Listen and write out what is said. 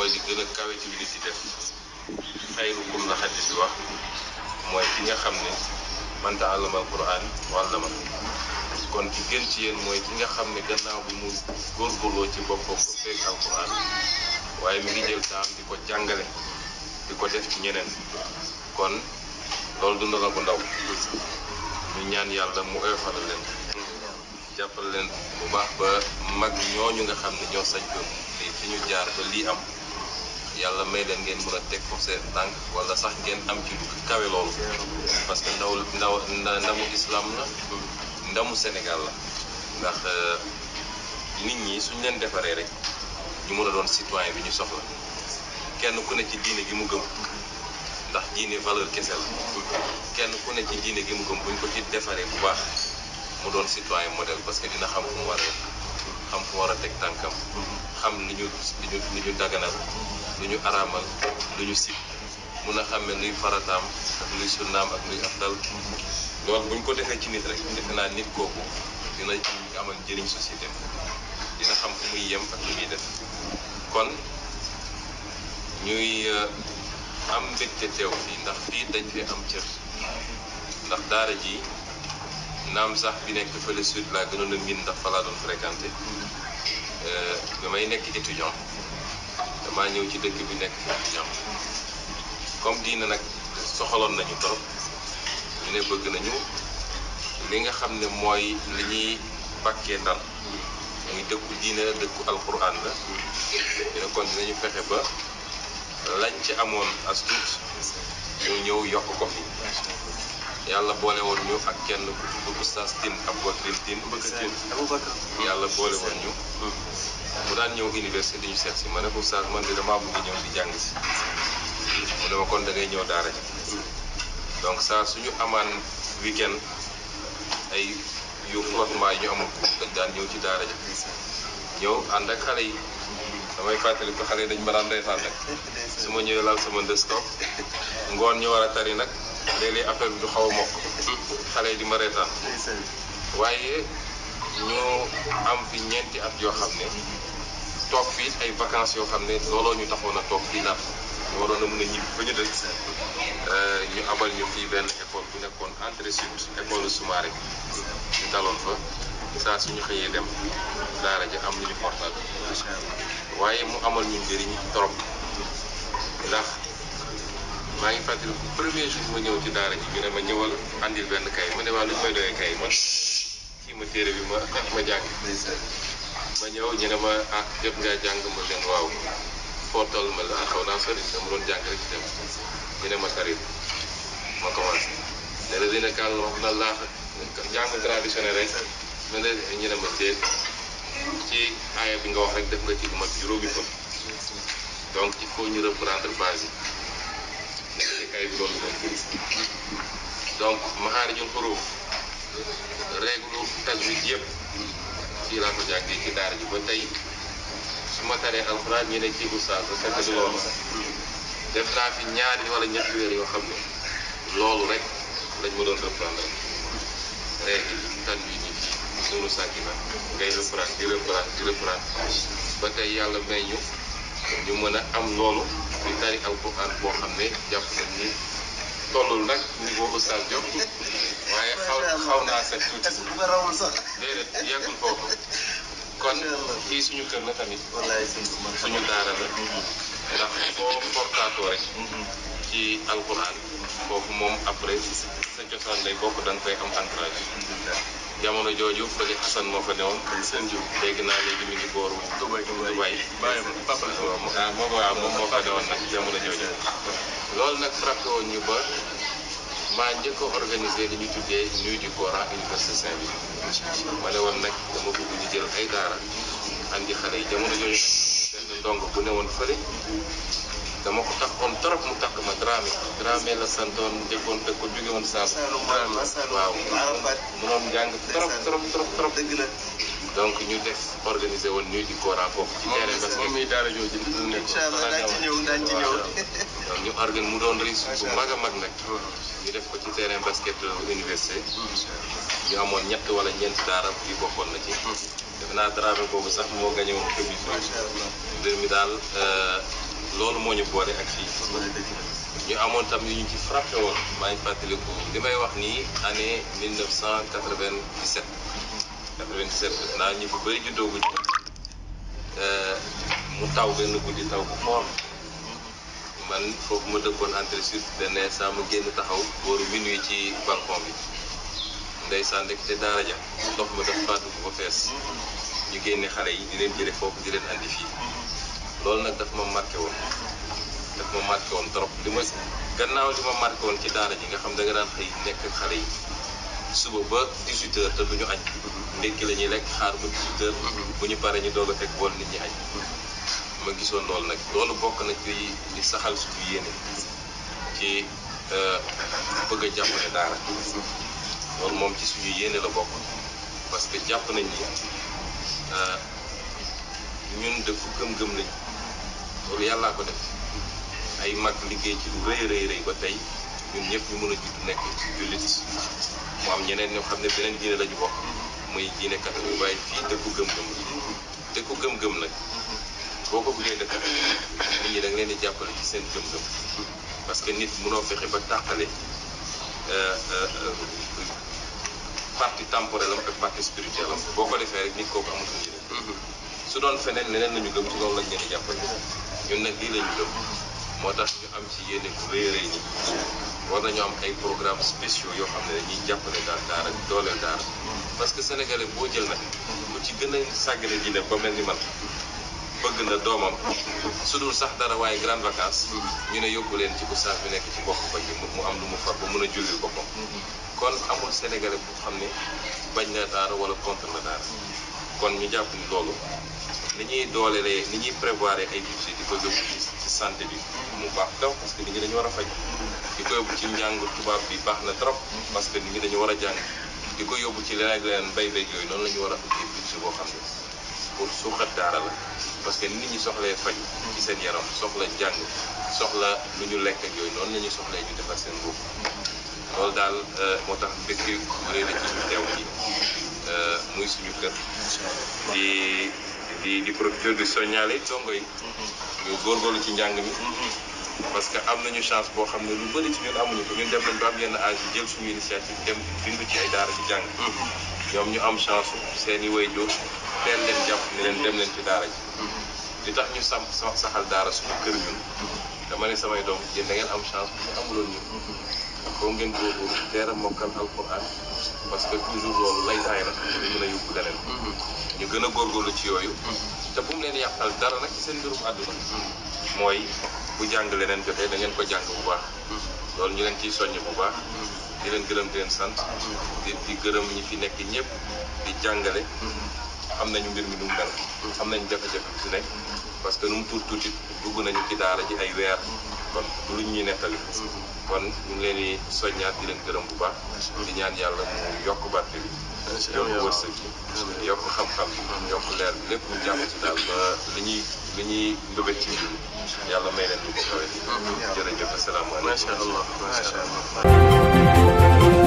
mooy li gën a kawe ci li ci def xayrukum la xadis bi wax mooy ki nga xam ne man ta'allama alquran wàllama kon ci mooy ki nga xam ne gannaaw bi mu góorgóorloo ci boppam ba fekk mi ngi jël taam di ko jàngale di ko def ci ñeneen kon loolu dund la bu ndaw ñu ñaan yàlla mu oyofal leen jàppal leen bu mag ñooñu nga xam ne ñoo sañ ko lii ñu jaar ba lii am yàlla may leen ngeen mën a teg foofu seen tànk wala sax ngeen am ci lu kawe loolu parce que ndaw ndaw ndamu islaam la ndamu Sénégal la ndax euh, nit ñi suñ leen defaree rek ñu mën a doon citoyen bi ñu soxla kenn ku ne ci diine gi mu gëm ndax diine valeur kese la kenn ku ne ci diine gi mu gëm buñ ko ci defaree bu baax mu doon citoyen modèle parce que dina xam fu mu war a xam fu mu war a teg tànkam xam nu ñu li ñu li ñu lu ñu araamal lu ñu sib mun a xàmme luy farataam ak luy sunnaam ak luy afdal loolu bu ñu ko defee ci nit rek defe naa nit kooku dina amal njëriñ société dina xam fu muy yem ak lu muy def kon ñuy euh, am mbégte teew fii ndax fii dañ fi am cër ndax daara ji naam sax bi nekk fële sud laa gënoon a miin ndax fa doon fréquenté bi euh, may nekk étudiant damaa ñëw ci dëkk bi nekk étudiant comme diine nag soxaloon nañu trop ñu ne bëgg nañu li nga xam ne mooy li ñuy bàkkee ndar muy dëkku diine la dëkku alquran la dina kon dinañu fexe ba lañ ci amoon as tuut ñëw yokk ko fi yàlla boole woon ñu ak kenn ku tudd Oustaz Tine Aboubacar Tine yàlla boole woon ñu bu daan ñëw université di ñu seet si mane ne ko Oustaz man de damaa bëgg ñëw di jàng si mu ma kon dangay ñëw daara ji donc saa suñu amaan weekend ay yu fortement yi ñu dañ daan ñëw ci daara ji ànd ak xale yi damay fàttali ko xale yi dañ ma daan reetaan su ma ñëwee laal sama ndëstop ñu war a tari nag léeg-léeg bi du xaw a mokk xale yi di ma waaye ñoo am fi ñeenti at yoo xam ne toog fii ay vacances yoo xam ne looloo ñu taxoon a toog fii Ndar ñu waroon a mën a ñibbi ba ñu dëkk euh, ñu abal ñu fii benn école bu nekkoon entrée sud école rek ñu taloon fa saa suñu xëyee dem daara ja am nañu portal waaye mu amal ñu njëriñ trop ndax maa ngi fàttali premier jour ma ñëw ci daara ji ñu ne ma ñëwal andil benn kay ma ne waa lu ñu may doyee kay man kii ma téere bi ma ma jàng ma ñëw ñu ne ma ah yëpp ngay jàng ma waaw foo toll ma xaw naa sori jàng rek ci dem ñu ma tarit ma commencé ne la dina kàll wax na laax jàng traditionnel rek ma ne ñu ne ma déet ci aaya bi nga wax rek def nga ci lu mat juróomi donc il faut ñu reprendre base yi nekk ci kayit loolu donc maxaarijul règle tajwid yëpp fii laa ko jàngee ci daara ji ba tey su ma taree alxuraan ñu ne ci oustaz bu fekk loolu def naa ñaari wala ñetti weer yoo xam ne loolu rek lañ ma doon reprendre règle tajwid yi suuru sàkkina ngay reprendre di reprendre di reprendre ba tey yàlla may ñu ñu mën a am loolu di tari alxuraan boo xam ne jàpp nañ ni tollul nag niveau oustaz Diop waaye xaw xaw naa set tuuti. est ko rawoon foofu kon kii suñu kër la tamit. wallaay suñu daara la. Mm-hmm. ndax foo portaatoo rek. Mm-hmm. ci alquran. foofu moom après sa cosaan lay bokk ko nga koy am encourage. jamono jooju fële Xasan moo fa newoon. seen jiw dégg naa léegi mi ngi booru. Dubaay Dubaay bàyyi ma papa la. waaw moom moo fa newoon nag jamono jooju. loolu nag frappé woon ñu ba. maa njëkkoo a organisé li ñu tuddee nuit du Coran université Saint-Louis ma ne woon nag dama bëgg ñu jël ay daara andi xale yi jamono jooju benn ndong bu ne woon fële dama ko takkoon trop mu takk ma Dramé Dramé la santoon njëkkoon dëkk ko woon Saalum. Dramé waaw mu doon jàng trop trop trop trop. donc ñu def organisé woon nuit du Coran foofu. ci terrain parce que moom mii daara jooju. incha allah daañu ci ñëw daañu ci ñëw donc ñu organ mu doon réussite bu mag mag nag. ñu def ko ci terrain basket université. ñu amoon ñett wala ñeenti daara yu bokkoon na ci. defe naa drapeau boobu sax moo gagné woon commission bi. daal euh, loolu moo ñu boole ak fii. ñu amoon tam yu ñu ci frappé woon maa ngi fàttaliku li may wax nii année 1997. 97 defe naa ñu fi bëri juddoo gu ñu euh, mu taw benn guddi taw bu fort. man foofu ma dëkkoon entreprise benn saa ma génn taxaw booru nuyu ci balcon bi ndeysaan rek te daara ja ndox ma def faa dugg ba fees ñu génne xale yi di leen jële foofu di leen andi fii loolu nag dafa ma marqué woon daf ma marqué woon trop li ma gannaaw li ma marqué woon ci daara ji nga xam danga nga daan xëy nekk xale yi suba ba 18 heures te du ñu añ ndékki la ñuy lekk xaar ba 18 mm-hmm. bu ñu paree ñu doog a fekk bool nit ñi añ ma gisoon lool nag loolu bokk na ci li saxal suñu yéene ci euh, bëgg a jàppale daara moom ci suñu yéene la bokk parce que jàpp nañ ni euh, ñun dëkku gëm-gëm lañ loolu yàllaa ko def ay mag liggéey ci lu rëy rëy rëy ba tey ñun ñëpp ñu mën a judd nekk ci jullit mu am ñeneen ñoo xam ne beneen diine la ñu bokk muy diine catholique waaye fii dëkku gëm-gëm la dëkku gëm-gëm nag boo ko bëggee def nit ñi da nga leen di jàppale ci seen gëm-gëm parce que nit mënoo fexe ba tàqale euh, euh, partie temporelle am ak partie spirituelle am boo ko defee rek nit kooku amatul njëriñ mhm. su doon feneen ñu gëm ci loolu lañ leen di jàppale ñun la ñu moo tax ñu am ci yéene bu rëy rëy nañu am ay programmes spéciaux yoo xam ne dañuy jàppale daal parce que sénégalais boo jël nag ku ci gën a sàggale ne ba mel ni man bëgg na doomam su dul sax dara waaye grande vacances ñu ne yóbbu leen ci oustaz bi nekk ci mbokk koñ bi mu am lu mu far ba mën a jullil boppam kon amul sénégalais bu xam ne bañ na daara wala contre na daara kon ñu jàpp ni loolu ni ñuy doolelee ni ñuy prévoir ay budget di ko yóbbu ci santé bi mu baax taw parce que nit ñi dañu war a faj di ko yóbbu ci njàng tubaab bi baax na trop parce que nit ñi dañu war a jàng di ko yóbbu ci leneen ak leneen mbay beeg yooyu noonu la ñu war a uti boo xam ne pour suuxat daara la parce que nit ñi soxlee faju ci seen yaram soxla jàng soxla lu ñu lekk ak yooyu noonu la ñu soxlee ñu defar seen bopp loolu daal euh, moo tax mbégte bu rëy la ci ñu teew euh, muy suñu kër di di di profité di soññaale dongo yi ñu góorgóorlu ci njàng mi parce que am nañu chance boo xam ne lu bëri ci ñun amuñu ko ñun dem nañ ba am yenn âge jël suñu initiative dem bindu ci ay daara ci jàng mm-hmm. ñoom ñu am chance seeni waajur teel leen jàpp ne dem leen ci daara ji li tax ñu sam saxal daara suñu kër ñun dama ne samay doom yéen da ngeen am chance bu ñu amuloon ñun foo ngeen góorgóorlu a mokkal alquran parce que toujours loolu lay saay ñu a yóbbu ñu gën a góorgóorlu ci yooyu te bu mu leen yàqal dara nag seen mbirum àdduna mooy bu jàng leneen joxee da ngeen ko jàng bu baax loolu ñu leen ci soññ bu baax di leen gërëm di leen sant di di gërëm ñi fi nekk ñëpp di jàngale xam nañu mbir mi nu mu mel xam nañu jafe-jafe si nekk parce que nu mu tuuti tuuti dugg nañu ci daara ji ay weer kon du luñ ñuy nettali kon ñu ngi leen di soññaat di leen gërëm bu baax di ñaan yàlla mu yokk barke bi yokk wërsëg bi yokk xam-xam bi yokk leer bi lépp ñu jàpp ci daal ba li ñuy li ñuy mbébét ci mbir yàlla may leen lu ko kawet yi jërëjëf asalaamaaleykum macha allah macha allah